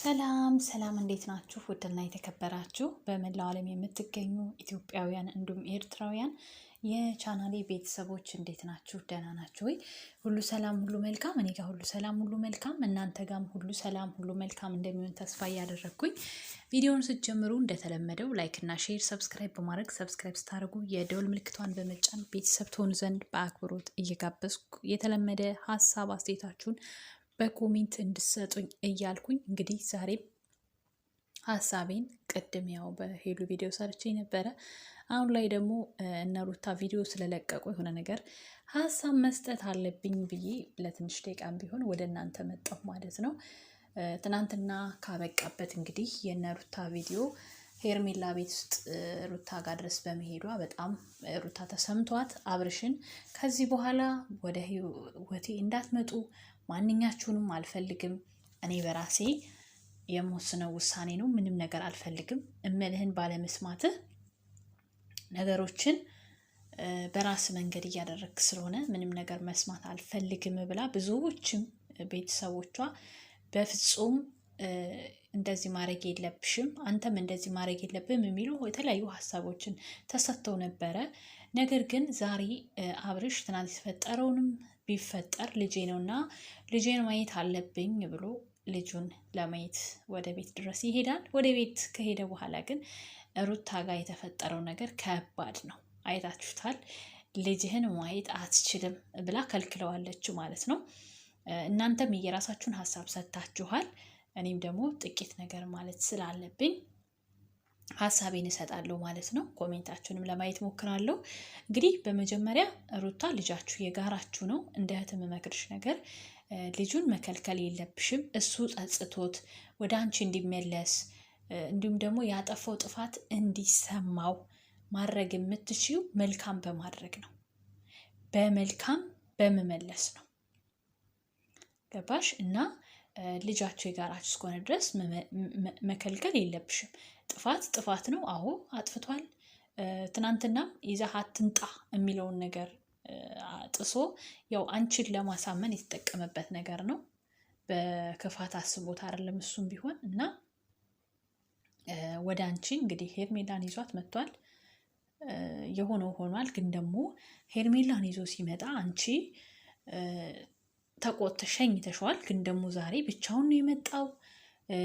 ሰላም ሰላም፣ እንዴት ናችሁ? ውድና የተከበራችሁ በመላው ዓለም የምትገኙ ኢትዮጵያውያን እንዲሁም ኤርትራውያን የቻናሌ ቤተሰቦች እንዴት ናችሁ? ደህና ናችሁ ወይ? ሁሉ ሰላም፣ ሁሉ መልካም። እኔ ጋር ሁሉ ሰላም፣ ሁሉ መልካም። እናንተ ጋም ሁሉ ሰላም፣ ሁሉ መልካም እንደሚሆን ተስፋ እያደረግኩኝ ቪዲዮውን ስትጀምሩ እንደተለመደው ላይክ እና ሼር፣ ሰብስክራይብ በማድረግ ሰብስክራይብ ስታደርጉ የደወል ምልክቷን በመጫን ቤተሰብ ትሆኑ ዘንድ በአክብሮት እየጋበዝኩ የተለመደ ሀሳብ አስተያየታችሁን በኮሜንት እንድሰጡኝ እያልኩኝ እንግዲህ ዛሬም ሀሳቤን ቅድም ያው በሄሉ ቪዲዮ ሰርቼ ነበረ። አሁን ላይ ደግሞ እነ ሩታ ቪዲዮ ስለለቀቁ የሆነ ነገር ሀሳብ መስጠት አለብኝ ብዬ ለትንሽ ደቂቃም ቢሆን ወደ እናንተ መጣሁ ማለት ነው። ትናንትና ካበቃበት እንግዲህ የእነ ሩታ ቪዲዮ ሄርሜላ ቤት ውስጥ ሩታ ጋር ድረስ በመሄዷ በጣም ሩታ ተሰምቷት አብርሽን ከዚህ በኋላ ወደ ህይወቴ እንዳትመጡ ማንኛችሁንም አልፈልግም፣ እኔ በራሴ የምወስነው ውሳኔ ነው፣ ምንም ነገር አልፈልግም፣ እምልህን ባለመስማትህ ነገሮችን በራስ መንገድ እያደረግክ ስለሆነ ምንም ነገር መስማት አልፈልግም ብላ ብዙዎችም ቤተሰቦቿ በፍጹም እንደዚህ ማድረግ የለብሽም፣ አንተም እንደዚህ ማድረግ የለብም የሚሉ የተለያዩ ሀሳቦችን ተሰጥተው ነበረ። ነገር ግን ዛሬ አብርሽ ትናንት የተፈጠረውንም ቢፈጠር ልጄ ነው እና ልጄን ማየት አለብኝ ብሎ ልጁን ለማየት ወደ ቤት ድረስ ይሄዳል። ወደ ቤት ከሄደ በኋላ ግን ሩታ ጋር የተፈጠረው ነገር ከባድ ነው። አይታችሁታል። ልጅህን ማየት አትችልም ብላ ከልክለዋለች ማለት ነው። እናንተም የራሳችሁን ሀሳብ ሰጥታችኋል። እኔም ደግሞ ጥቂት ነገር ማለት ስላለብኝ ሀሳቤን እሰጣለሁ ማለት ነው። ኮሜንታችሁንም ለማየት ሞክራለሁ። እንግዲህ በመጀመሪያ ሩታ ልጃችሁ የጋራችሁ ነው። እንደ እህትም መክርሽ ነገር ልጁን መከልከል የለብሽም። እሱ ጸጽቶት ወደ አንቺ እንዲመለስ እንዲሁም ደግሞ ያጠፋው ጥፋት እንዲሰማው ማድረግ የምትችው መልካም በማድረግ ነው፣ በመልካም በመመለስ ነው። ገባሽ እና ልጃቸው የጋራቸው እስከሆነ ድረስ መከልከል የለብሽም። ጥፋት ጥፋት ነው። አሁ አጥፍቷል። ትናንትና ይዘህ አትምጣ የሚለውን ነገር ጥሶ ያው አንቺን ለማሳመን የተጠቀመበት ነገር ነው። በክፋት አስቦት አይደለም እሱም ቢሆን እና ወደ አንቺ እንግዲህ ሄርሜላን ይዟት መጥቷል። የሆነው ሆኗል። ግን ደግሞ ሄርሜላን ይዞ ሲመጣ አንቺ ተቆጥሸኝ ተሸዋል። ግን ደግሞ ዛሬ ብቻውን ነው የመጣው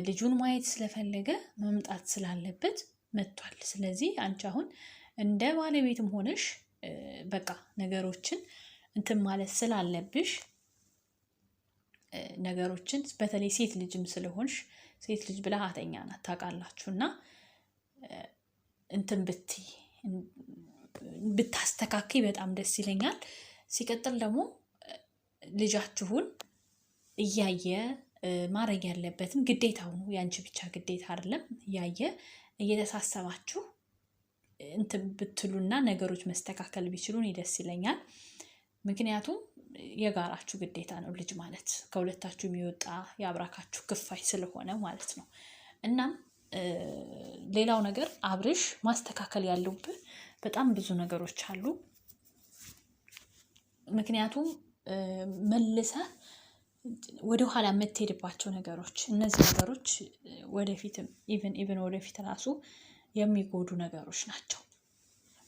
ልጁን ማየት ስለፈለገ መምጣት ስላለበት መጥቷል። ስለዚህ አንቺ አሁን እንደ ባለቤትም ሆነሽ በቃ ነገሮችን እንትን ማለት ስላለብሽ ነገሮችን በተለይ ሴት ልጅም ስለሆንሽ ሴት ልጅ ብልሃተኛ ናት ታውቃላችሁ። እና እንትን ብትይ ብታስተካክይ በጣም ደስ ይለኛል። ሲቀጥል ደግሞ ልጃችሁን እያየ ማድረግ ያለበትም ግዴታ ሆኖ የአንቺ ብቻ ግዴታ አይደለም። እያየ እየተሳሰባችሁ እንትን ብትሉና ነገሮች መስተካከል ቢችሉ እኔ ደስ ይለኛል። ምክንያቱም የጋራችሁ ግዴታ ነው። ልጅ ማለት ከሁለታችሁ የሚወጣ የአብራካችሁ ክፋይ ስለሆነ ማለት ነው። እናም ሌላው ነገር አብርሽ ማስተካከል ያለብህ በጣም ብዙ ነገሮች አሉ። ምክንያቱም መልሰህ ወደኋላ የምትሄድባቸው ነገሮች እነዚህ ነገሮች ወደፊትም ኢቨን ኢቨን ወደፊት ራሱ የሚጎዱ ነገሮች ናቸው።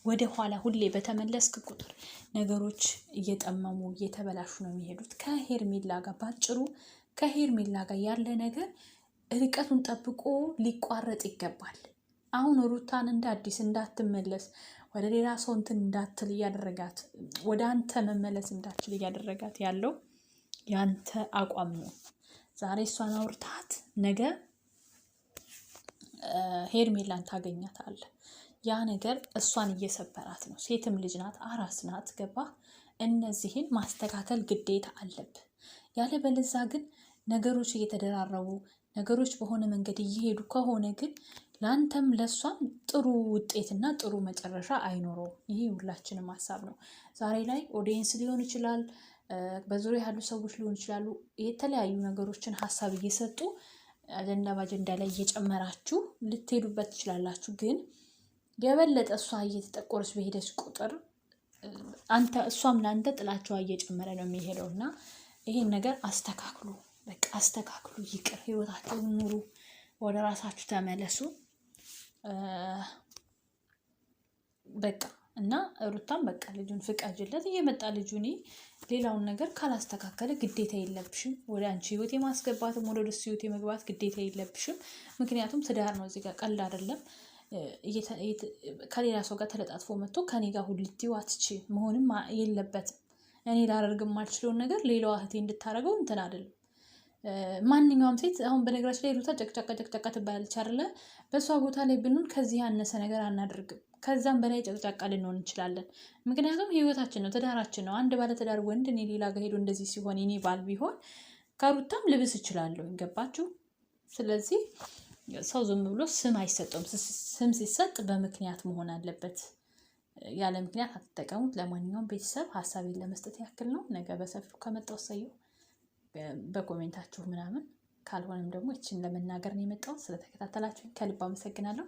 ወደ ኋላ ሁሌ በተመለስክ ቁጥር ነገሮች እየጠመሙ እየተበላሹ ነው የሚሄዱት። ከሄርሜላ ጋር ባጭሩ ከሄርሜላ ጋር ያለ ነገር ርቀቱን ጠብቆ ሊቋረጥ ይገባል። አሁን ሩታን እንደ አዲስ እንዳትመለስ ወደ ሌላ ሰው እንትን እንዳትል እያደረጋት ወደ አንተ መመለስ እንዳትችል እያደረጋት ያለው ያንተ አቋም ነው። ዛሬ እሷን አውርታት ነገ ሄርሜላን ታገኛታለ። ያ ነገር እሷን እየሰበራት ነው። ሴትም ልጅ ናት፣ አራስ ናት። ገባ? እነዚህን ማስተካከል ግዴታ አለብ። ያለ ያለበለዛ ግን ነገሮች እየተደራረቡ ነገሮች በሆነ መንገድ እየሄዱ ከሆነ ግን ለአንተም ለእሷም ጥሩ ውጤትና ጥሩ መጨረሻ አይኖረውም። ይህ ሁላችንም ሀሳብ ነው። ዛሬ ላይ ኦዲየንስ ሊሆን ይችላል፣ በዙሪያ ያሉ ሰዎች ሊሆን ይችላሉ። የተለያዩ ነገሮችን ሀሳብ እየሰጡ አጀንዳ በአጀንዳ ላይ እየጨመራችሁ ልትሄዱበት ትችላላችሁ። ግን የበለጠ እሷ እየተጠቆረች በሄደች ቁጥር አንተ እሷም ለአንተ ጥላቸዋ እየጨመረ ነው የሚሄደው እና ይሄን ነገር አስተካክሉ። በቃ አስተካክሉ። ይቅር፣ ህይወታቸውን ኑሩ። ወደ ራሳችሁ ተመለሱ። በቃ እና ሩታም በቃ ልጁን ፍቃጅለት እየመጣ ልጁን ሌላውን ነገር ካላስተካከለ ግዴታ የለብሽም ወደ አንቺ ህይወት የማስገባትም ወደ ደሱ ህይወት የመግባት ግዴታ የለብሽም። ምክንያቱም ትዳር ነው እዚጋ ቀልድ አይደለም። ከሌላ ሰው ጋር ተለጣጥፎ መጥቶ ከኔ ጋር ሁልቲ ዋትች መሆንም የለበትም። እኔ ላደርግ የማልችለውን ነገር ሌላዋ እህቴ እንድታደርገው እንትን አይደለም። ማንኛውም ሴት አሁን በነገራችን ላይ ሩታ ጨቅጫቃ ጨቅጫቃ ትባላለች አይደለ? በእሷ ቦታ ላይ ብንሆን ከዚህ ያነሰ ነገር አናደርግም። ከዛም በላይ ጨቅጫቃ ልንሆን እንችላለን። ምክንያቱም ህይወታችን ነው፣ ትዳራችን ነው። አንድ ባለትዳር ወንድ እኔ ሌላ ጋር ሄዶ እንደዚህ ሲሆን እኔ ባል ቢሆን ከሩታም ልብስ እችላለሁ። ገባችሁ? ስለዚህ ሰው ዝም ብሎ ስም አይሰጠውም። ስም ሲሰጥ በምክንያት መሆን አለበት። ያለ ምክንያት አትጠቀሙት። ለማንኛውም ቤተሰብ ሀሳቤን ለመስጠት ያክል ነው። ነገ በሰፊው ከመጣ ወሰየው በኮሜንታችሁ ምናምን ካልሆነም ደግሞ ይችን ለመናገር ነው የመጣው። ስለተከታተላችሁ ከልብ አመሰግናለሁ።